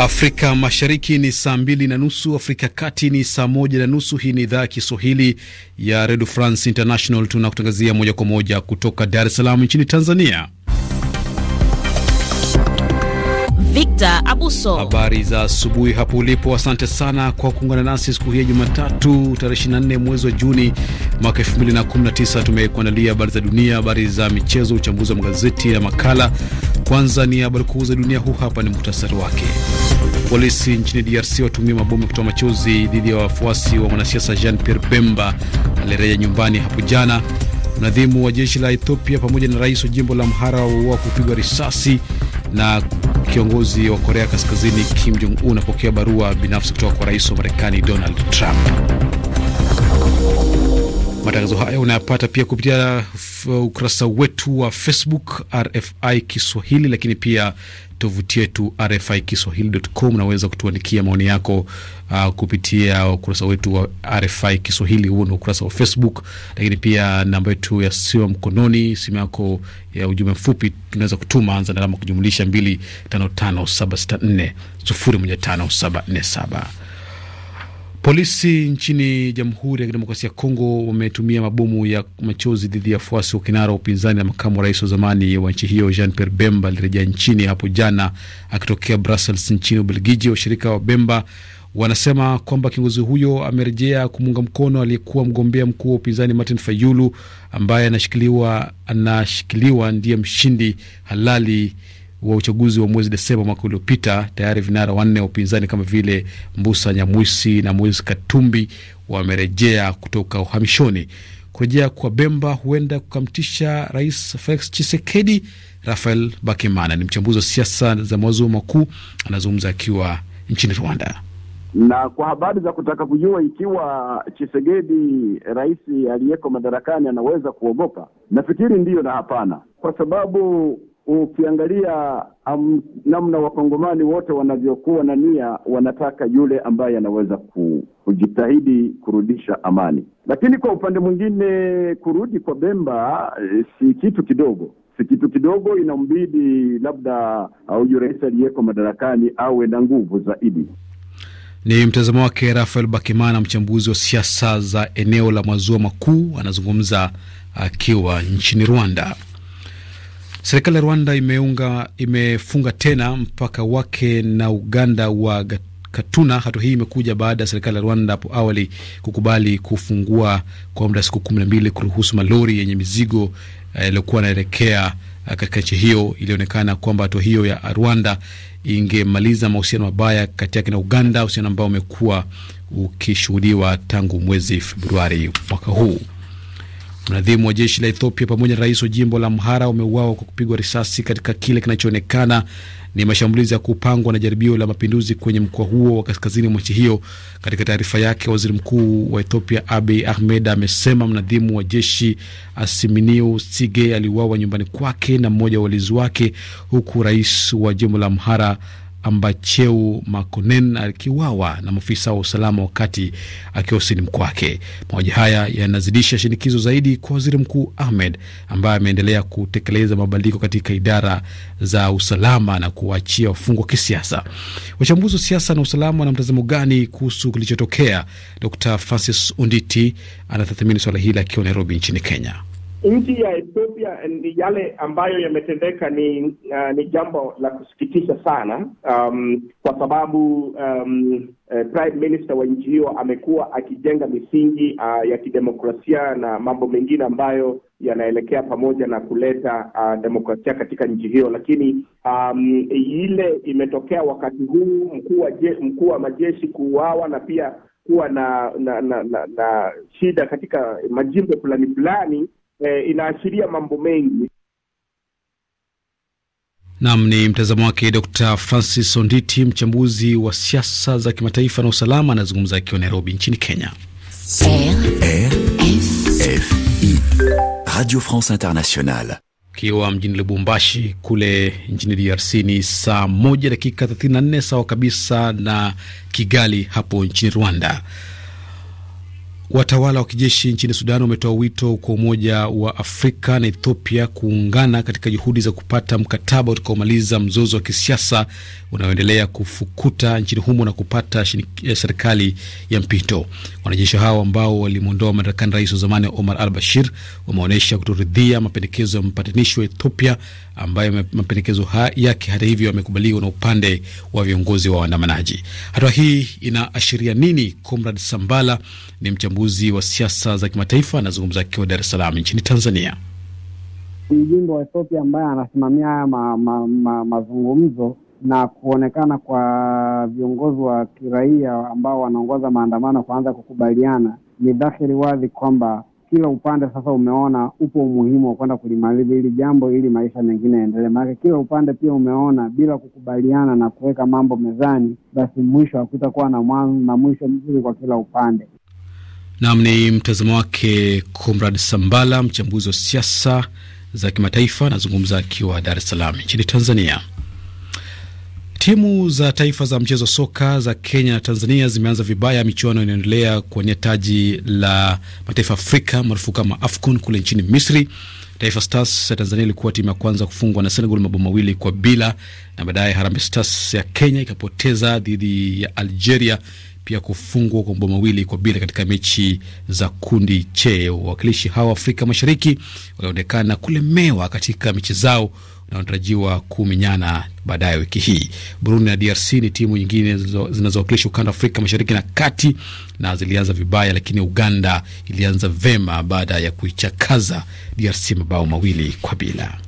Afrika Mashariki ni saa mbili na nusu, Afrika Kati ni saa moja na nusu. Hii ni idhaa ya Kiswahili ya Redio France International, tunakutangazia moja kwa moja kutoka Dar es Salaam nchini Tanzania. Victor Abuso. Habari za asubuhi hapo ulipo, asante sana kwa kuungana nasi siku hii ya Jumatatu tarehe 24 mwezi wa Juni mwaka 2019. Tumekuandalia habari za dunia, habari za michezo, uchambuzi wa magazeti na makala. Kwanza ni habari kuu za dunia, huu hapa ni muhtasari wake. Polisi nchini DRC watumia mabomu kutoa machozi dhidi ya wafuasi wa mwanasiasa Jean Pierre Bemba alirejea nyumbani hapo jana. Mnadhimu wa jeshi la Ethiopia pamoja na rais wa jimbo la Mhara wa kupigwa risasi na kiongozi wa Korea Kaskazini Kim Jong Un apokea barua binafsi kutoka kwa rais wa Marekani Donald Trump. Matangazo haya unayapata pia kupitia uh, ukurasa wetu wa Facebook RFI Kiswahili, lakini pia tovuti yetu RFI Kiswahili.com. Unaweza kutuandikia maoni yako uh, kupitia ukurasa wetu wa RFI Kiswahili, huo ni ukurasa wa Facebook, lakini pia namba yetu ya simu mkononi, simu yako ya ujumbe mfupi tunaweza kutuma, anza na alama kujumlisha 255764015747 Polisi nchini Jamhuri ya Kidemokrasia ya Kongo wametumia mabomu ya machozi dhidi ya wafuasi wa kinara wa upinzani na makamu wa rais wa zamani wa nchi hiyo Jean Pierre Bemba alirejea nchini hapo jana akitokea Brussels nchini Ubelgiji. Washirika wa Bemba wanasema kwamba kiongozi huyo amerejea kumuunga mkono aliyekuwa mgombea mkuu wa upinzani Martin Fayulu ambaye anashikiliwa, anashikiliwa ndiye mshindi halali wa uchaguzi wa mwezi Desemba mwaka uliopita, tayari vinara wanne wa upinzani kama vile Mbusa Nyamwisi na Moise Katumbi wamerejea kutoka uhamishoni. Kurejea kwa Bemba huenda kukamtisha Rais Felix Chisekedi. Rafael Bakimana ni mchambuzi wa siasa za maziwa makuu, anazungumza akiwa nchini Rwanda. Na kwa habari za kutaka kujua ikiwa Chisegedi rais aliyeko madarakani anaweza kuogopa, nafikiri ndiyo na hapana, kwa sababu ukiangalia um, namna wakongomani wote wanavyokuwa na nia, wanataka yule ambaye anaweza ku, kujitahidi kurudisha amani. Lakini kwa upande mwingine, kurudi kwa Bemba eh, si kitu kidogo kitu kidogo. Inambidi labda uh, huyu rais aliyeko madarakani awe na nguvu zaidi. Ni mtazamo wake Rafael Bakimana, mchambuzi wa siasa za eneo la maziwa makuu, anazungumza akiwa nchini Rwanda. Serikali ya Rwanda imeunga, imefunga tena mpaka wake na Uganda wa Katuna. Hatua hii imekuja baada ya serikali ya Rwanda hapo awali kukubali kufungua kwa muda siku kumi na mbili kuruhusu malori yenye mizigo eh, yaliyokuwa eh, anaelekea eh, katika nchi hiyo. Ilionekana kwamba hatua hiyo ya Rwanda ingemaliza mahusiano mabaya kati yake na Uganda, uhusiano ambao umekuwa ukishuhudiwa tangu mwezi Februari mwaka huu. Mnadhimu wa jeshi la Ethiopia pamoja na rais wa jimbo la mhara wameuawa kwa kupigwa risasi katika kile kinachoonekana ni mashambulizi ya kupangwa na jaribio la mapinduzi kwenye mkoa huo wa kaskazini mwa nchi hiyo. Katika taarifa yake, waziri mkuu wa Ethiopia Abiy Ahmed amesema mnadhimu wa jeshi asiminiu Sige aliuawa nyumbani kwake na mmoja wa walinzi wake, huku rais wa jimbo la mhara Ambacheu Makonen akiwawa na maafisa wa usalama wakati akiwa usini kwake. Mauaji haya yanazidisha shinikizo zaidi kwa waziri mkuu Ahmed ambaye ameendelea kutekeleza mabadiliko katika idara za usalama na kuwaachia wafungwa wa kisiasa. Wachambuzi wa siasa na usalama wana mtazamo gani kuhusu kilichotokea? Dr Francis Unditi anatathmini suala hili akiwa Nairobi nchini Kenya nchi ya Ethiopia yale ambayo yametendeka ni uh, ni jambo la kusikitisha sana, um, kwa sababu um, eh, prime minister wa nchi hiyo amekuwa akijenga misingi uh, ya kidemokrasia na mambo mengine ambayo yanaelekea pamoja na kuleta uh, demokrasia katika nchi hiyo, lakini um, ile imetokea wakati huu mkuu wa mkuu wa majeshi kuuawa na pia kuwa na na, na, na na shida katika majimbo fulani fulani eh, inaashiria mambo mengi. Nam ni mtazamo wake Dr Francis Onditi, mchambuzi wa siasa za kimataifa na usalama, anazungumza akiwa Nairobi nchini Kenya. RFI Radio France Internationale kiwa mjini Lubumbashi kule nchini DRC ni saa 1 dakika 34 sawa kabisa na Kigali hapo nchini Rwanda. Watawala wa kijeshi nchini Sudan wametoa wito kwa Umoja wa Afrika na Ethiopia kuungana katika juhudi za kupata mkataba utakaomaliza mzozo wa kisiasa unaoendelea kufukuta nchini humo na kupata eh, serikali ya mpito. Wanajeshi hao ambao walimwondoa madarakani rais wa zamani Omar al Bashir wameonyesha kutoridhia mapendekezo ya mpatanishi wa Ethiopia ambayo mapendekezo yake hata hivyo yamekubaliwa na upande wa viongozi wa waandamanaji. Hatua hii inaashiria nini? Comrad Sambala ni mchambuzi wa siasa za kimataifa, anazungumza akiwa Dar es Salaam nchini Tanzania. Mjumbe wa Ethiopia ambaye anasimamia haya ma, ma, ma, mazungumzo na kuonekana kwa viongozi wa kiraia ambao wanaongoza maandamano kuanza kukubaliana, ni dhahiri wazi kwamba kila upande sasa umeona upo umuhimu wa kwenda kulimaliza hili jambo ili maisha mengine yaendelee. Maanake kila upande pia umeona bila kukubaliana na kuweka mambo mezani, basi mwisho hakutakuwa na mwanzo na mwisho mzuri kwa kila upande. Naam, ni mtazamo wake Comrad Sambala, mchambuzi wa siasa za kimataifa, anazungumza akiwa Dar es Salaam nchini Tanzania. Timu za taifa za mchezo soka za Kenya na Tanzania zimeanza vibaya michuano inaendelea kuwania taji la mataifa Afrika maarufu kama AFCON kule nchini Misri. Taifa Stars ya Tanzania ilikuwa timu ya kwanza kufungwa na Senegal mabao mawili kwa bila, na baadaye Harambee Stars ya Kenya ikapoteza dhidi ya Algeria pia kufungwa kwa mabao mawili kwa bila katika mechi za kundi che. Wawakilishi hawa Afrika Mashariki walionekana kulemewa katika mechi zao wanatarajiwa kuminyana baadaye wiki hii. Burundi na DRC ni timu nyingine zinazowakilisha ukanda wa Afrika mashariki na kati, na zilianza vibaya, lakini Uganda ilianza vema baada ya kuichakaza DRC mabao mawili kwa bila.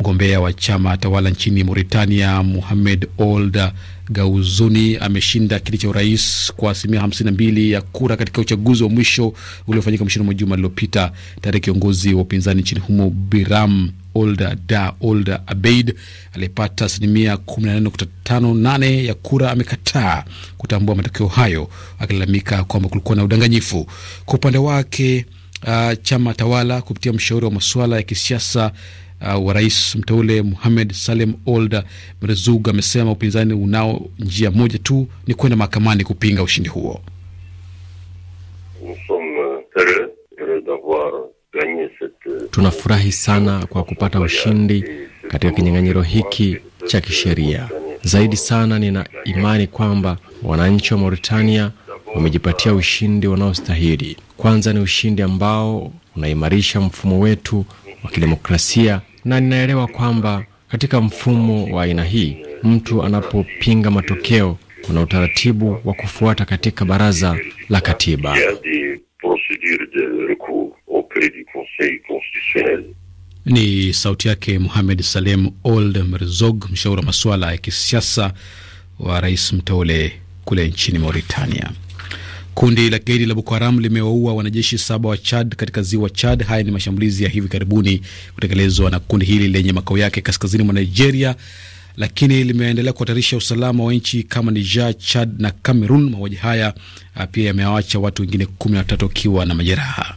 Mgombea wa chama tawala nchini Mauritania Muhamed Ould Gauzuni ameshinda kiti cha urais kwa asilimia mbili ya kura katika uchaguzi wa mwisho uliofanyika mwishoni mwa juma lililopita. Tayari kiongozi wa upinzani nchini humo Biram Olda Da Olda Abeid aliyepata asilimia 18.58 ya kura amekataa kutambua matokeo hayo, akilalamika kwamba kulikuwa na udanganyifu. Kwa upande wake, uh, chama tawala kupitia mshauri wa masuala ya kisiasa uh, wa rais mteule muhamed Salem Old merzug amesema upinzani unao njia moja tu, ni kwenda mahakamani kupinga ushindi huo. Euh, euh, Tunafurahi sana kwa kupata ushindi katika kinyang'anyiro hiki cha kisheria. Zaidi sana, nina imani kwamba wananchi wa Mauritania wamejipatia euh, ushindi wanaostahili. Kwanza ni ushindi ambao unaimarisha mfumo wetu wa kidemokrasia, na ninaelewa kwamba katika mfumo wa aina hii mtu anapopinga matokeo kuna utaratibu wa kufuata katika baraza la katiba. Ni sauti yake muhamed Salem Old Merzog, mshauri wa masuala ya kisiasa wa rais mteule kule nchini Mauritania. Kundi la kigaidi la Boko Haram limewaua wanajeshi saba wa Chad katika ziwa Chad. Haya ni mashambulizi ya hivi karibuni kutekelezwa na kundi hili lenye makao yake kaskazini mwa Nigeria, lakini limeendelea kuhatarisha usalama wa nchi kama Niger, Chad na Cameroon. Mauaji haya ah, pia yamewacha watu wengine kumi na watatu wakiwa na majeraha.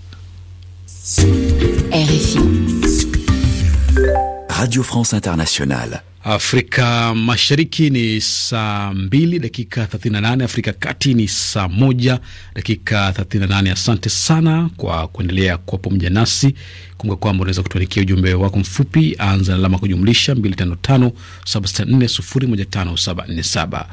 Radio France Internationale Afrika Mashariki ni saa 2 dakika 38, Afrika Kati ni saa 1 dakika 38. Asante sana kwa kuendelea kuwa pamoja nasi. Kumbuka kwamba unaweza kutuandikia ujumbe wako mfupi, anza alama kujumlisha 255764015747.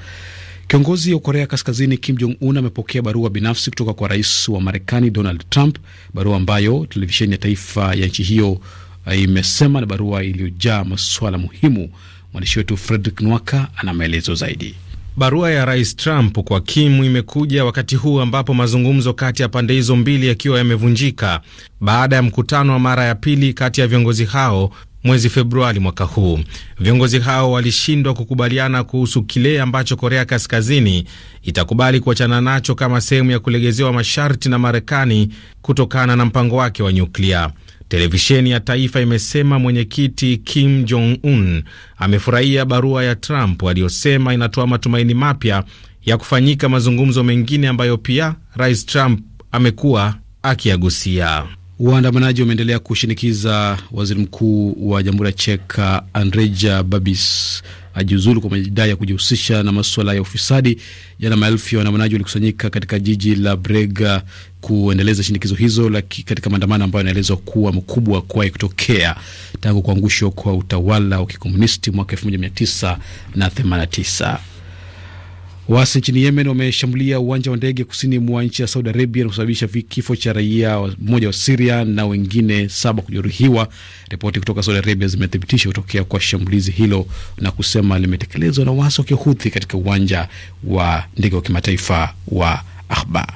Kiongozi wa Korea Kaskazini Kim Jong Un amepokea barua binafsi kutoka kwa rais wa Marekani Donald Trump, barua ambayo televisheni ya taifa ya nchi hiyo eh, imesema na barua iliyojaa masuala muhimu Mwandishi wetu Fredrick Nwaka ana maelezo zaidi. Barua ya Rais Trump kwa Kim imekuja wakati huu ambapo mazungumzo kati ya pande hizo mbili yakiwa yamevunjika baada ya mkutano wa mara ya pili kati ya viongozi hao mwezi Februari mwaka huu. Viongozi hao walishindwa kukubaliana kuhusu kile ambacho Korea Kaskazini itakubali kuachana nacho kama sehemu ya kulegezewa masharti na Marekani kutokana na mpango wake wa nyuklia. Televisheni ya taifa imesema mwenyekiti Kim Jong Un amefurahia barua ya Trump aliyosema inatoa matumaini mapya ya kufanyika mazungumzo mengine ambayo pia Rais Trump amekuwa akiagusia. Waandamanaji wameendelea kushinikiza waziri mkuu wa Jamhuri ya Cheka Andreja Babis ajiuzulu kwa madai ya kujihusisha na masuala ya ufisadi. Jana maelfu ya waandamanaji walikusanyika katika jiji la Brega kuendeleza shinikizo hizo laki, katika maandamano ambayo yanaelezwa kuwa mkubwa kuwahi kutokea tangu kuangushwa kwa utawala wa kikomunisti mwaka 1989. Waasi nchini Yemen wameshambulia uwanja wa ndege kusini mwa nchi ya Saudi Arabia na kusababisha kifo cha raia mmoja wa Siria na wengine saba kujeruhiwa. Ripoti kutoka Saudi Arabia zimethibitisha kutokea kwa shambulizi hilo na kusema limetekelezwa na waasi wa kihuthi katika uwanja wa ndege wa kimataifa wa Ahba.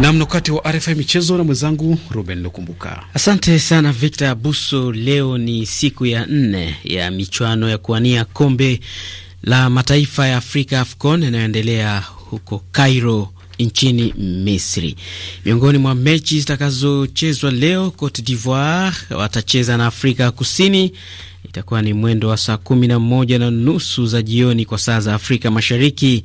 namna wakati wa RFI michezo na mwenzangu Ruben Lukumbuka. Asante sana Victor Buso. Leo ni siku ya nne ya michuano ya kuwania kombe la mataifa ya Afrika, AFCON, inayoendelea huko Cairo nchini Misri. Miongoni mwa mechi zitakazochezwa leo, Cote d'Ivoire watacheza na Afrika Kusini itakuwa ni mwendo wa saa kumi na moja na nusu za jioni kwa saa za Afrika Mashariki.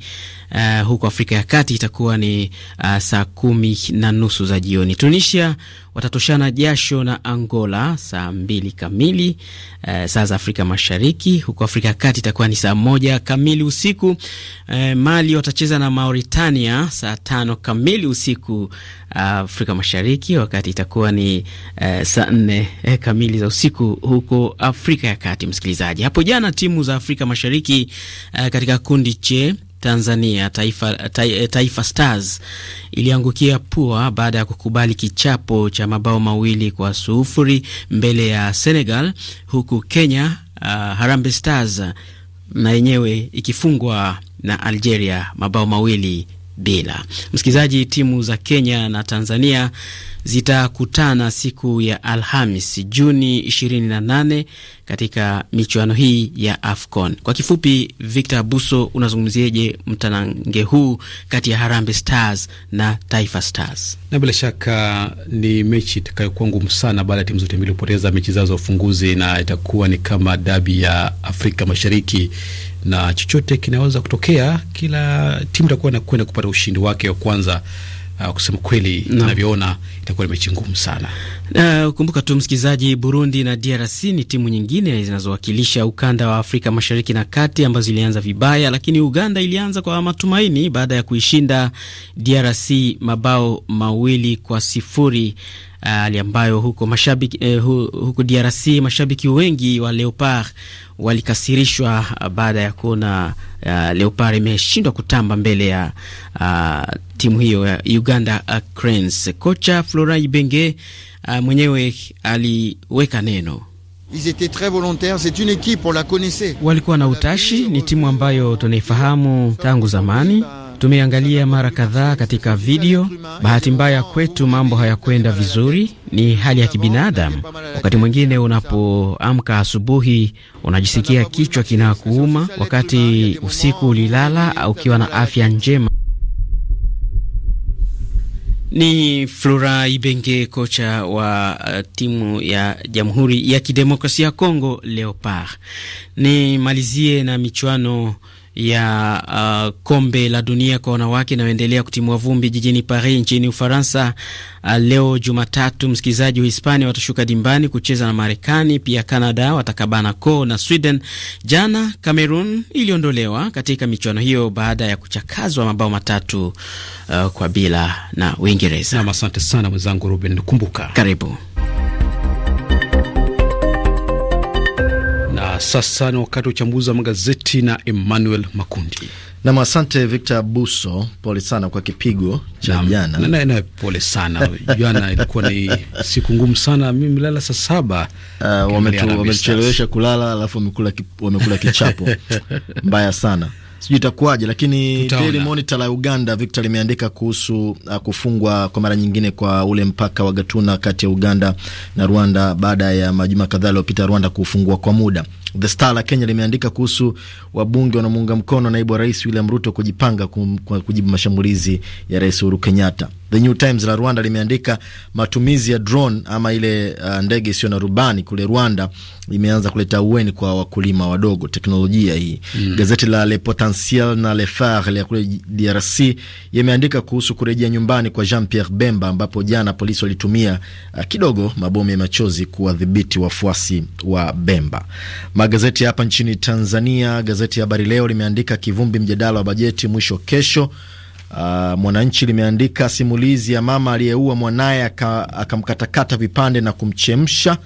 Uh, huko Afrika ya Kati itakuwa ni uh, saa kumi na nusu za jioni. Tunisia watatoshana jasho na Angola saa mbili kamili e, saa za Afrika Mashariki. Huko Afrika ya Kati itakuwa ni saa moja kamili usiku. E, Mali watacheza na Mauritania saa tano kamili usiku eh, Afrika Mashariki, wakati itakuwa ni e, saa nne e, kamili za usiku huko Afrika ya Kati. Msikilizaji, hapo jana timu za Afrika Mashariki e, katika kundi che Tanzania Taifa, eh, Taifa Stars iliangukia pua baada ya kukubali kichapo cha mabao mawili kwa sufuri mbele ya Senegal, huku Kenya uh, Harambee Stars na yenyewe ikifungwa na Algeria mabao mawili bila. Msikilizaji, timu za Kenya na Tanzania zitakutana siku ya Alhamis Juni 28 katika michuano hii ya AFCON. Kwa kifupi, Victor Abuso, unazungumziaje mtanange huu kati ya Harambee Stars na Taifa Stars? Na bila shaka ni mechi itakayokuwa ngumu sana baada ya timu zote mbili kupoteza mechi zao za ufunguzi, na itakuwa ni kama dabi ya Afrika Mashariki na chochote kinaweza kutokea. Kila timu itakuwa nakwenda kupata ushindi wake wa kwanza Uh, kusema kweli no. Navyoona itakuwa ni mechi ngumu sana. Na uh, kumbuka tu msikilizaji, Burundi na DRC ni timu nyingine zinazowakilisha ukanda wa Afrika Mashariki na Kati ambazo ilianza vibaya, lakini Uganda ilianza kwa matumaini baada ya kuishinda DRC mabao mawili kwa sifuri uh, hali ambayo huko mashabiki eh, huko DRC mashabiki wengi wa Leopard walikasirishwa baada ya kuona uh, Leopard imeshindwa kutamba mbele ya uh, timu hiyo ya Uganda uh, Cranes. Kocha Florent Ibenge uh, mwenyewe aliweka neno walikuwa na utashi. Ni timu ambayo tunaifahamu tangu zamani, tumeangalia mara kadhaa katika video. Bahati mbaya kwetu mambo hayakwenda vizuri, ni hali ya kibinadamu. Wakati mwingine unapoamka asubuhi unajisikia kichwa kinakuuma, wakati usiku ulilala ukiwa na afya njema ni Flora Ibenge, kocha wa uh, timu ya Jamhuri ya Kidemokrasia ya Kongo Leopard. Nimalizie na michuano ya uh, kombe la dunia kwa wanawake inayoendelea kutimua vumbi jijini Paris nchini Ufaransa. Uh, leo Jumatatu, msikilizaji, wa hispania watashuka dimbani kucheza na Marekani, pia Canada watakabana ko na Sweden. Jana Cameroon iliondolewa katika michuano hiyo baada ya kuchakazwa mabao matatu uh, kwa bila na Uingereza. Asante sana mwenzangu Ruben, kumbuka karibu Sasa ni wakati wa uchambuzi wa magazeti na Emmanuel Makundi. Nam, asante Victor Buso, pole sana kwa kipigo cha jana. pole sana jana ilikuwa ni siku ngumu sana, mi milala saa saba. Uh, ah, wametuchelewesha kulala alafu wamekula kichapo mbaya sana sijui itakuwaje, lakini Daily Monitor la Uganda Victor limeandika kuhusu uh, kufungwa kwa mara nyingine kwa ule mpaka wa Gatuna kati ya Uganda na Rwanda baada ya majuma kadhaa yaliyopita Rwanda kufungua kwa muda. The Star la Kenya limeandika kuhusu wabunge wanamuunga mkono naibu wa rais William Ruto kujipanga kum, kujibu mashambulizi ya Rais Uhuru Kenyatta. The New Times la Rwanda limeandika matumizi ya drone ama ile uh, ndege isiyo na rubani kule Rwanda imeanza kuleta ueni kwa wakulima wadogo, teknolojia hii mm. Gazeti la Le Potentiel na Le Phare la kule DRC yameandika kuhusu kurejea nyumbani kwa Jean Pierre Bemba, ambapo jana polisi walitumia uh, kidogo mabomu ya machozi kuwadhibiti wafuasi wa Bemba. Magazeti hapa nchini Tanzania, gazeti ya Habari Leo limeandika kivumbi mjadala wa bajeti mwisho kesho Uh, Mwananchi limeandika simulizi ya mama aliyeua mwanaye akamkatakata aka vipande na kumchemsha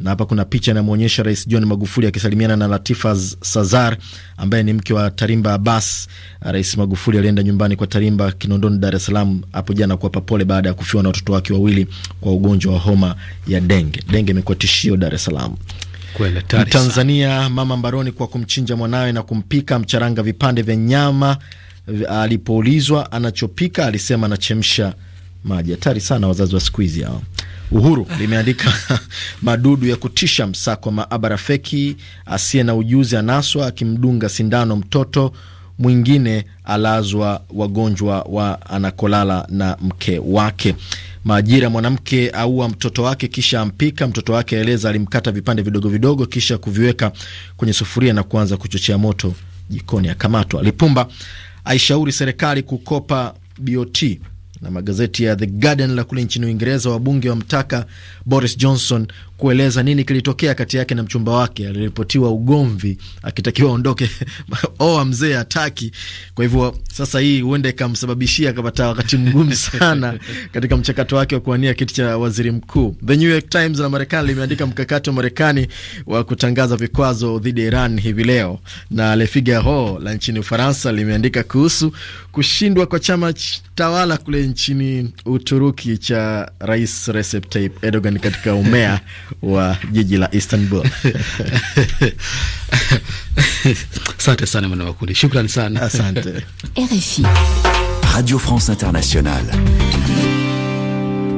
na hapa kuna picha inamwonyesha Rais John Magufuli akisalimiana na Latifa Sazar ambaye ni mke wa Tarimba Abbas. Rais Magufuli alienda nyumbani kwa Tarimba Kinondoni, Dar es Salaam hapo jana kuwapa pole baada ya kufiwa na watoto wake wawili kwa ugonjwa wa homa ya denge. Denge imekuwa tishio Dar es Salaam. Tanzania, mama mbaroni kwa kumchinja mwanawe na kumpika mcharanga vipande vya nyama Alipoulizwa anachopika alisema anachemsha maji. Hatari sana wazazi wa siku hizi hao. Uhuru limeandika madudu ya kutisha, msako maabara feki, asiye na ujuzi anaswa akimdunga sindano mtoto mwingine, alazwa wagonjwa wa anakolala na mke wake. Majira, mwanamke aua mtoto wake kisha ampika. Mtoto wake aeleza alimkata vipande vidogo vidogo kisha kuviweka kwenye sufuria na kuanza kuchochea moto jikoni, akamatwa. Lipumba aishauri serikali kukopa BOT na magazeti ya The Guardian la kule nchini Uingereza, wabunge wamtaka Boris Johnson kueleza nini kilitokea kati yake na mchumba wake. Aliripotiwa ugomvi, akitakiwa aondoke oa mzee hataki. Kwa hivyo sasa hii huenda ikamsababishia akapata wakati mgumu sana katika mchakato wake wa kuwania kiti cha waziri mkuu. The New York Times la Marekani limeandika mkakati wa Marekani wa kutangaza vikwazo dhidi ya Iran hivi leo, na Le Figaro la nchini Ufaransa limeandika kuhusu kushindwa kwa chama tawala kule nchini Uturuki cha Rais Recep Tayyip Erdogan katika umea wa jiji la Istanbul. Asante sana mwana makundi, shukrani sana asante. RFI Radio France Internationale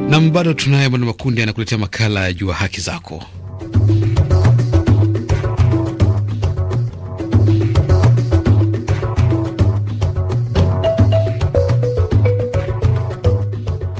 nam, bado tunaye mwana makundi anakuletea makala ya Jua Haki Zako.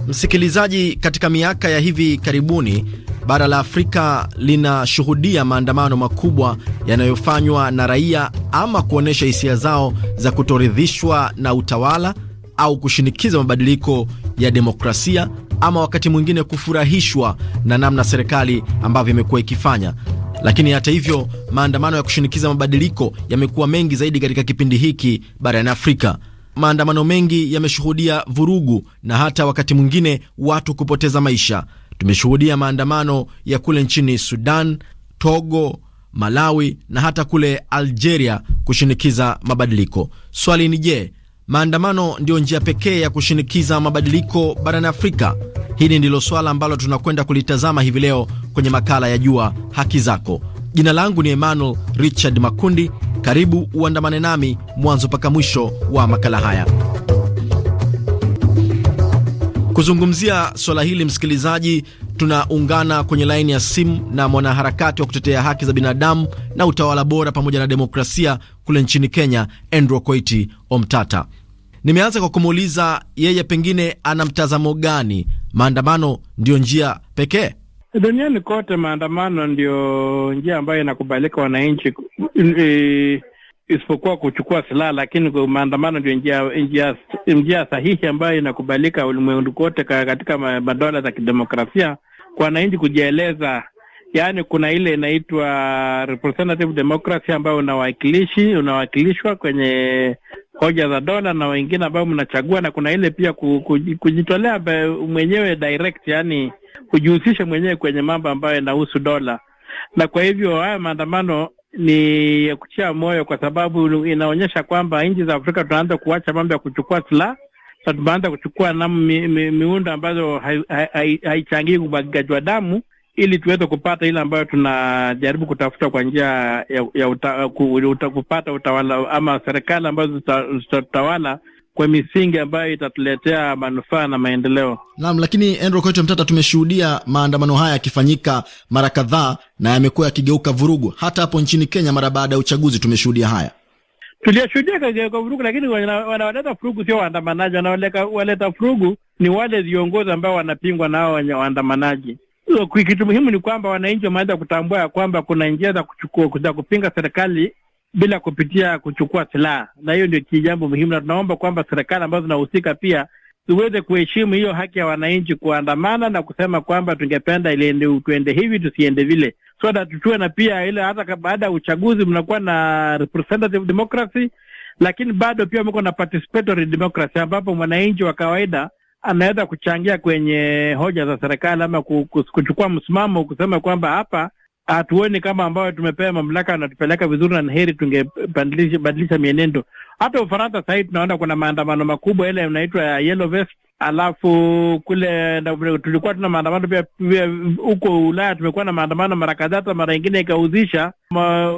Msikilizaji, katika miaka ya hivi karibuni bara la Afrika linashuhudia maandamano makubwa yanayofanywa na raia ama kuonyesha hisia zao za kutoridhishwa na utawala au kushinikiza mabadiliko ya demokrasia ama wakati mwingine kufurahishwa na namna serikali ambavyo imekuwa ikifanya. Lakini hata hivyo, maandamano ya kushinikiza mabadiliko yamekuwa mengi zaidi katika kipindi hiki barani Afrika. Maandamano mengi yameshuhudia vurugu na hata wakati mwingine watu kupoteza maisha. Tumeshuhudia maandamano ya kule nchini Sudan, Togo, Malawi na hata kule Algeria kushinikiza mabadiliko. Swali ni je, maandamano ndiyo njia pekee ya kushinikiza mabadiliko barani Afrika? Hili ndilo swala ambalo tunakwenda kulitazama hivi leo kwenye makala ya Jua Haki Zako. Jina langu ni Emmanuel Richard Makundi. Karibu uandamane nami mwanzo mpaka mwisho wa makala haya. Kuzungumzia swala hili, msikilizaji, tunaungana kwenye laini ya simu na mwanaharakati wa kutetea haki za binadamu na utawala bora pamoja na demokrasia kule nchini Kenya, Andrew Koiti Omtata. Nimeanza kwa kumuuliza yeye pengine ana mtazamo gani, maandamano ndiyo njia pekee? Duniani kote maandamano ndiyo njia ambayo inakubalika wananchi eh, isipokuwa kuchukua silaha, lakini maandamano ndio njia, njia, njia sahihi ambayo inakubalika ulimwengu kote katika madola za kidemokrasia kwa wananchi kujieleza. Yaani kuna ile inaitwa representative democracy ambayo unawakilishi unawakilishwa kwenye hoja za dola na wengine ambao mnachagua, na kuna ile pia kujitolea mwenyewe direct, yani kujihusisha mwenyewe kwenye mambo ambayo yanahusu dola. Na kwa hivyo haya maandamano ni ya kuchia moyo, kwa sababu inaonyesha kwamba nchi za Afrika tunaanza kuacha mambo ya kuchukua silaha na tumeanza kuchukua na mi, mi, miundo ambazo haichangii ubagikaji wa damu ili tuweze kupata ile ambayo tunajaribu kutafuta kwa njia ya, ya uta, kupata utawala ama serikali ambazo zitatawala zita, kwa misingi ambayo itatuletea manufaa na maendeleo. Naam, lakini Andrew Koito Mtata, tumeshuhudia maandamano haya yakifanyika mara kadhaa na yamekuwa yakigeuka vurugu. Hata hapo nchini Kenya mara baada ya uchaguzi tumeshuhudia haya, tuliyoshuhudia kageuka vurugu, lakini wanaoleta furugu sio waandamanaji. Wanaoleta furugu ni wale viongozi ambao wanapingwa nao wenye waandamanaji. Kitu muhimu ni kwamba wananchi wameweza kutambua ya kwamba kuna njia za kupinga serikali bila kupitia kuchukua silaha, na hiyo ndio jambo muhimu, na tunaomba kwamba serikali ambazo zinahusika pia tuweze kuheshimu hiyo haki ya wananchi kuandamana na kusema kwamba tungependa iliende, tuende hivi tusiende vile, so that tutuwe na pia ile, hata baada ya uchaguzi mnakuwa na representative democracy, lakini bado pia mko na participatory democracy, ambapo mwananchi wa kawaida anaweza kuchangia kwenye hoja za serikali ama kuchukua msimamo kusema kwamba hapa hatuoni kama ambayo tumepewa mamlaka anatupeleka vizuri, na ni heri tungebadilisha mienendo. Hata Ufaransa sahii tunaona kuna maandamano makubwa yale yanaitwa yellow vest, alafu kule tulikuwa tuna maandamano pia huko Ulaya, tumekuwa na maandamano mara kadhaa, hata mara ingine ikahuzisha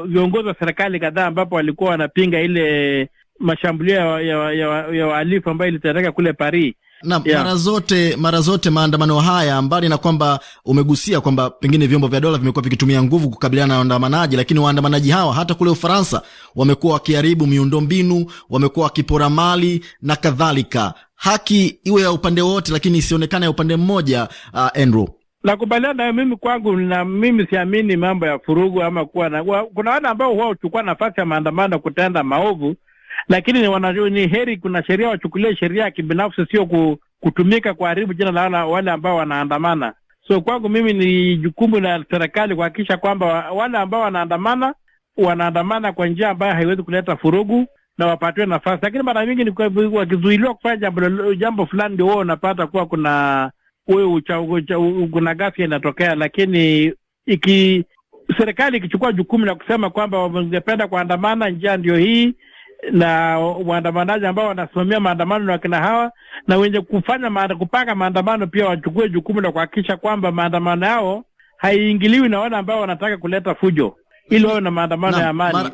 viongozi wa serikali kadhaa, ambapo walikuwa wanapinga ile mashambulio ya wahalifu ambayo ilitendeka kule Paris. Na, yeah. Mara zote mara zote maandamano haya, mbali na kwamba umegusia kwamba pengine vyombo vya dola vimekuwa vikitumia nguvu kukabiliana na waandamanaji, lakini waandamanaji hawa hata kule Ufaransa wamekuwa wakiharibu miundombinu, wamekuwa wakipora mali na kadhalika. Haki iwe ya upande wote, lakini isionekane ya upande mmoja. Uh, Andrew nakubaliana nayo mimi kwangu, na mimi siamini mambo ya furugu ama kuwa na, kuna wale ambao huwa huchukua nafasi ya maandamano kutenda maovu lakini ni, wana, ni heri kuna sheria wachukulie sheria ya kibinafsi, sio kutumika kutumika kuharibu jina la wale ambao wanaandamana. So kwangu mimi ni jukumu la serikali kuhakikisha kwamba wale ambao wanaandamana wanaandamana kwa njia ambayo haiwezi kuleta furugu na wapatiwe nafasi, lakini mara nyingi ni wakizuiliwa kufanya jambo, jambo fulani ndio huo unapata kuwa kuna huyu kuna ghasia inatokea, lakini iki serikali ikichukua jukumu la kusema kwamba wangependa kuandamana, njia ndio hii na waandamanaji ambao wanasimamia maandamano na wakina hawa na wenye kufanya maanda, kupanga maandamano pia wachukue jukumu la kuhakikisha kwamba maandamano yao haiingiliwi na wale ambao wanataka kuleta fujo ili wawe na maandamano ya amani.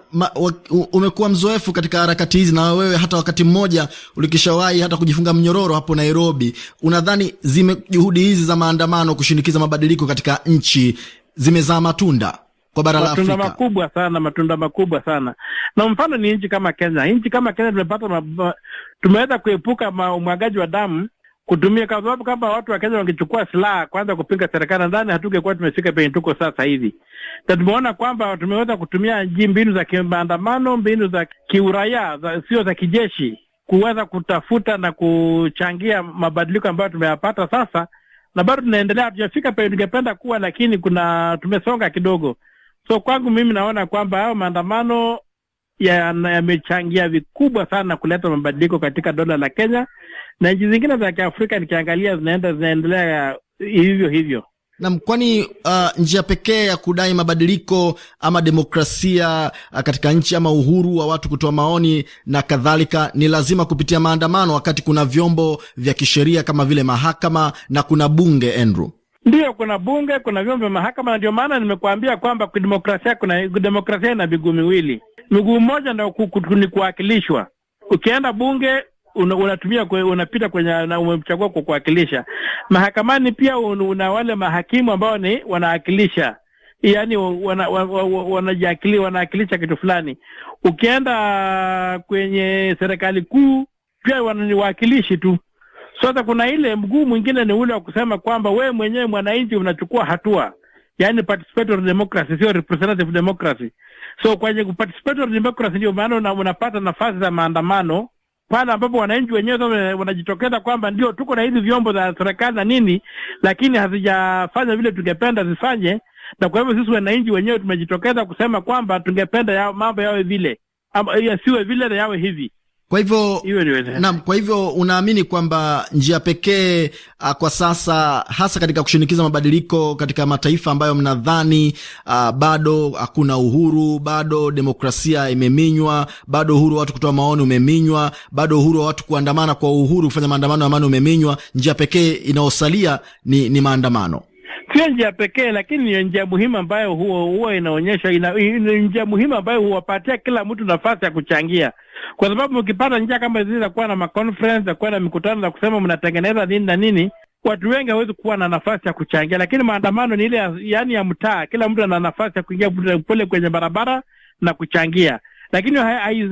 Umekuwa mzoefu katika harakati hizi, na wewe hata wakati mmoja ulikishawahi hata kujifunga mnyororo hapo Nairobi. Unadhani zime juhudi hizi za maandamano kushinikiza mabadiliko katika nchi zimezaa matunda? kwa bara la Afrika, matunda makubwa sana, matunda makubwa sana. Na mfano ni nchi kama Kenya. Nchi kama Kenya tumepata, tumeweza kuepuka umwagaji wa damu kutumia, kwa sababu kama watu wa Kenya wangechukua silaha kwanza kupinga serikali, ndani hatungekuwa tumefika penye tuko sasa hivi. Na tumeona kwamba tumeweza kutumia mbinu za kimaandamano, mbinu za kiuraia, sio za kijeshi, kuweza kutafuta na kuchangia mabadiliko ambayo tumeyapata sasa, na bado tunaendelea, hatujafika penye tungependa kuwa, lakini kuna tumesonga kidogo. So kwangu mimi naona kwamba hayo maandamano yamechangia ya vikubwa sana kuleta mabadiliko katika dola la Kenya na nchi zingine za Kiafrika nikiangalia zinaenda zinaendelea hivyo hivyo. Naam, kwani uh, njia pekee ya kudai mabadiliko ama demokrasia uh, katika nchi ama uhuru wa watu kutoa maoni na kadhalika ni lazima kupitia maandamano, wakati kuna vyombo vya kisheria kama vile mahakama na kuna bunge Andrew Ndiyo, kuna bunge, kuna vyombo vya mahakama, na ndio maana nimekuambia kwamba kidemokrasia, kuna demokrasia ina miguu miwili. Miguu mmoja ndio ni kuwakilishwa. Ukienda bunge una, unatumia kwe, unapita kwenye na umemchagua kwa kuwakilisha. Mahakamani pia una wale mahakimu ambao ni wanawakilisha yaani wana, wana, wanawakilisha kitu fulani. Ukienda kwenye serikali kuu pia wananiwakilishi tu. Sasa kuna ile mguu mwingine ni ule wa kusema kwamba wewe mwenyewe mwananchi unachukua hatua, yani participatory democracy, sio representative democracy. So kwenye participatory democracy ndio maana una, unapata nafasi za maandamano pale ambapo wananchi wenyewe wanajitokeza kwamba ndio tuko na hizi vyombo za serikali na nini, lakini hazijafanya vile tungependa zifanye, na kwa hivyo sisi wananchi wenyewe tumejitokeza kusema kwamba tungependa mambo yawe vile, yasiwe vile na yawe hivi. Kwa hivyo naam, kwa hivyo unaamini kwamba njia pekee ah, kwa sasa, hasa katika kushinikiza mabadiliko katika mataifa ambayo mnadhani ah, bado hakuna uhuru, bado demokrasia imeminywa, bado uhuru wa watu kutoa maoni umeminywa, bado uhuru wa watu kuandamana kwa uhuru, kufanya maandamano ya amani umeminywa, njia pekee inayosalia ni, ni maandamano? Sio njia pekee, lakini ni njia muhimu ambayo huo huwa inaonyesha ina, njia muhimu ambayo huwapatia kila mtu nafasi ya kuchangia, kwa sababu ukipata njia kama zile za kuwa na maconference za kuwa na mikutano za kusema mnatengeneza nini na nini watu wengi hawezi kuwa na nafasi ya kuchangia, lakini maandamano ni ile ya, yani ya mtaa, kila mtu ana nafasi ya kuingia pole kwenye barabara na kuchangia, lakini hai,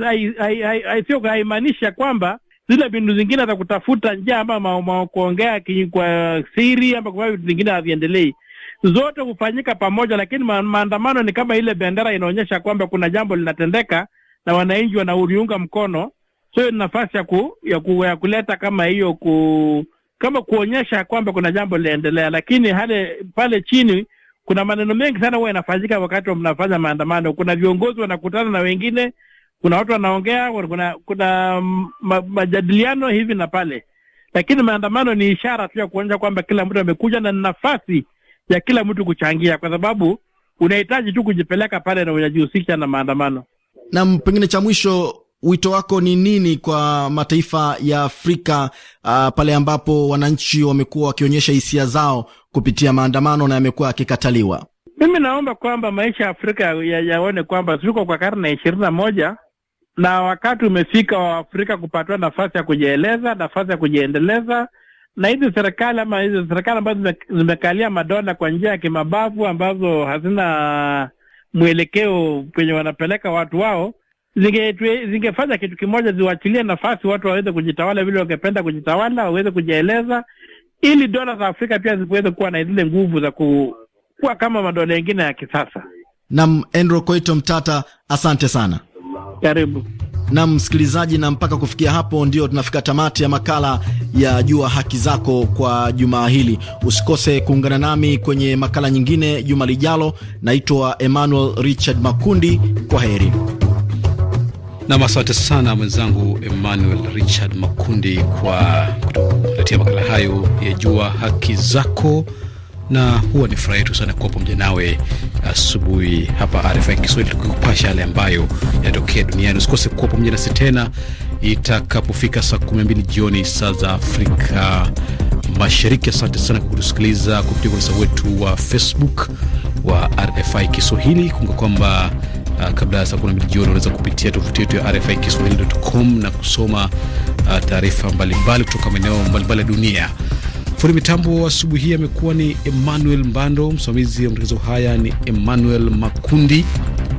haimaanishi ya kwamba zile bindu zingine za kutafuta njia ama ma, ma, kuongea kwa siri ama kufanya vitu vingine haviendelei, zote hufanyika pamoja, lakini ma, maandamano ni kama ile bendera inaonyesha kwamba kuna jambo linatendeka na wananchi wanauliunga mkono. So ni nafasi ya, ku, ya, ku, ya kuleta kama hiyo ku, kama kuonyesha kwamba kuna jambo linaendelea, lakini hale pale chini kuna maneno mengi sana huwa yanafanyika wakati wa mnafanya maandamano. Kuna viongozi wanakutana na wengine kuna watu wanaongea, kuna, kuna ma, majadiliano hivi na pale, lakini maandamano ni ishara tu ya kuonyesha kwamba kila mtu amekuja na nafasi ya kila mtu kuchangia, kwa sababu unahitaji tu kujipeleka pale na unajihusisha na maandamano. Nam, pengine cha mwisho, wito wako ni nini kwa mataifa ya Afrika uh, pale ambapo wananchi wamekuwa wakionyesha hisia zao kupitia maandamano na yamekuwa yakikataliwa? Mimi naomba kwamba maisha Afrika ya Afrika yaone kwamba tuko kwa karne ya ishirini na moja na wakati umefika wa Afrika kupatiwa nafasi ya kujieleza, nafasi ya kujiendeleza, na hizi serikali ama hizi serikali ambazo zimekalia madola kwa njia ya kimabavu, ambazo hazina mwelekeo kwenye wanapeleka watu wao, zingefanya kitu kimoja, ziwachilie nafasi watu waweze kujitawala vile wangependa kujitawala, waweze kujieleza, ili dola za Afrika pia ziweze kuwa na zile nguvu za kuwa kama madola mengine ya kisasa. Nam Andrew Koito Mtata, asante sana. Karibu na msikilizaji, na mpaka kufikia hapo ndio tunafika tamati ya makala ya Jua Haki Zako kwa jumaa hili. Usikose kuungana nami kwenye makala nyingine juma lijalo. Naitwa Emmanuel Richard Makundi, kwa heri. Nam, asante sana mwenzangu Emmanuel Richard Makundi kwa kutuletea makala hayo ya Jua Haki Zako na huwa ni furaha yetu sana kuwa pamoja nawe asubuhi hapa RFI Kiswahili, tukikupasha yale ambayo yanatokea duniani. Usikose kuwa pamoja nasi tena itakapofika saa 12 jioni saa za Afrika Mashariki. Asante sana kwa kutusikiliza kupitia ukurasa wetu wa Facebook wa RFI Kiswahili. Kumbuka kwamba uh, kabla ya saa 12 jioni unaweza kupitia tovuti yetu ya RFI Kiswahili.com na kusoma uh, taarifa mbalimbali kutoka maeneo mbalimbali ya dunia. Fundi mitambo asubuhi amekuwa ni Emmanuel Mbando, msimamizi wa matangazo haya ni Emmanuel Makundi,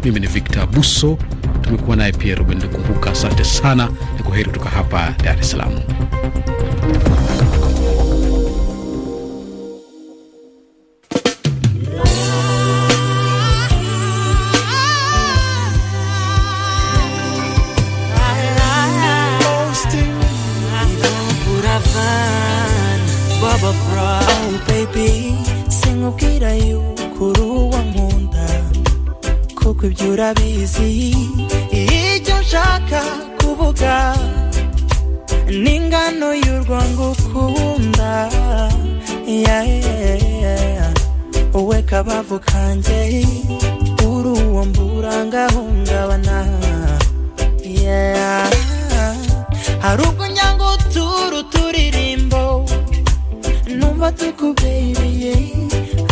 mimi ni Victor Buso, tumekuwa naye pia Ruben Kumbuka. Asante sana na heri kutoka hapa Dar es Salaam. baba proud baby sinkubwira yuko uri uwo kuko ibyo urabizi ibyo nshaka kuvuga ni ingano y'urwo ngukunda yeah, yeah, wowe kabavu kanjye uri uwo mburangahungabana yeah. hari ubwo nyanga utura matuku baby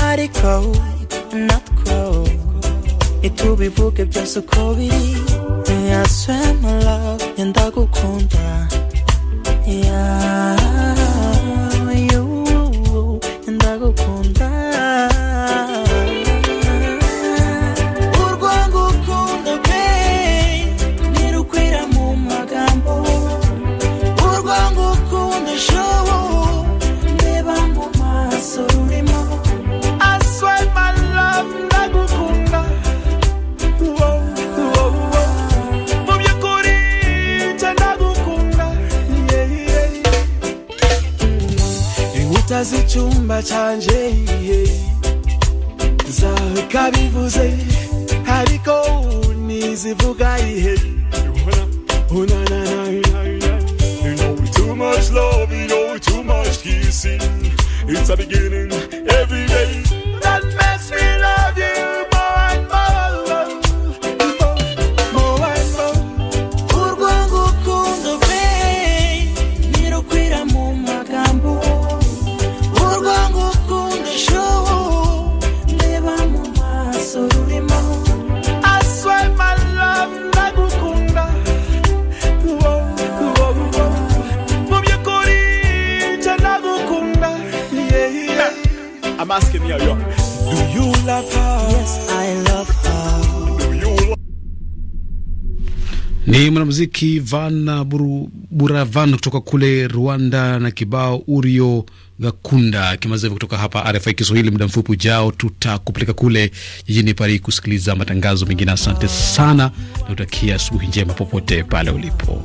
ariko natwo itubivuge byose uko biri yeah, I swear my love yenda gukunda yeah. yeah. asking me, yo, do you love her? Yes, I love her. Do you love ni mwanamuziki Vana Buru, Buravan kutoka kule Rwanda na kibao Urio Gakunda kimaliza hivyo. Kutoka hapa RFI Kiswahili, muda mfupi ujao tutakupeleka kule jijini Paris kusikiliza matangazo mengine. Asante sana na utakia asubuhi njema popote pale ulipo.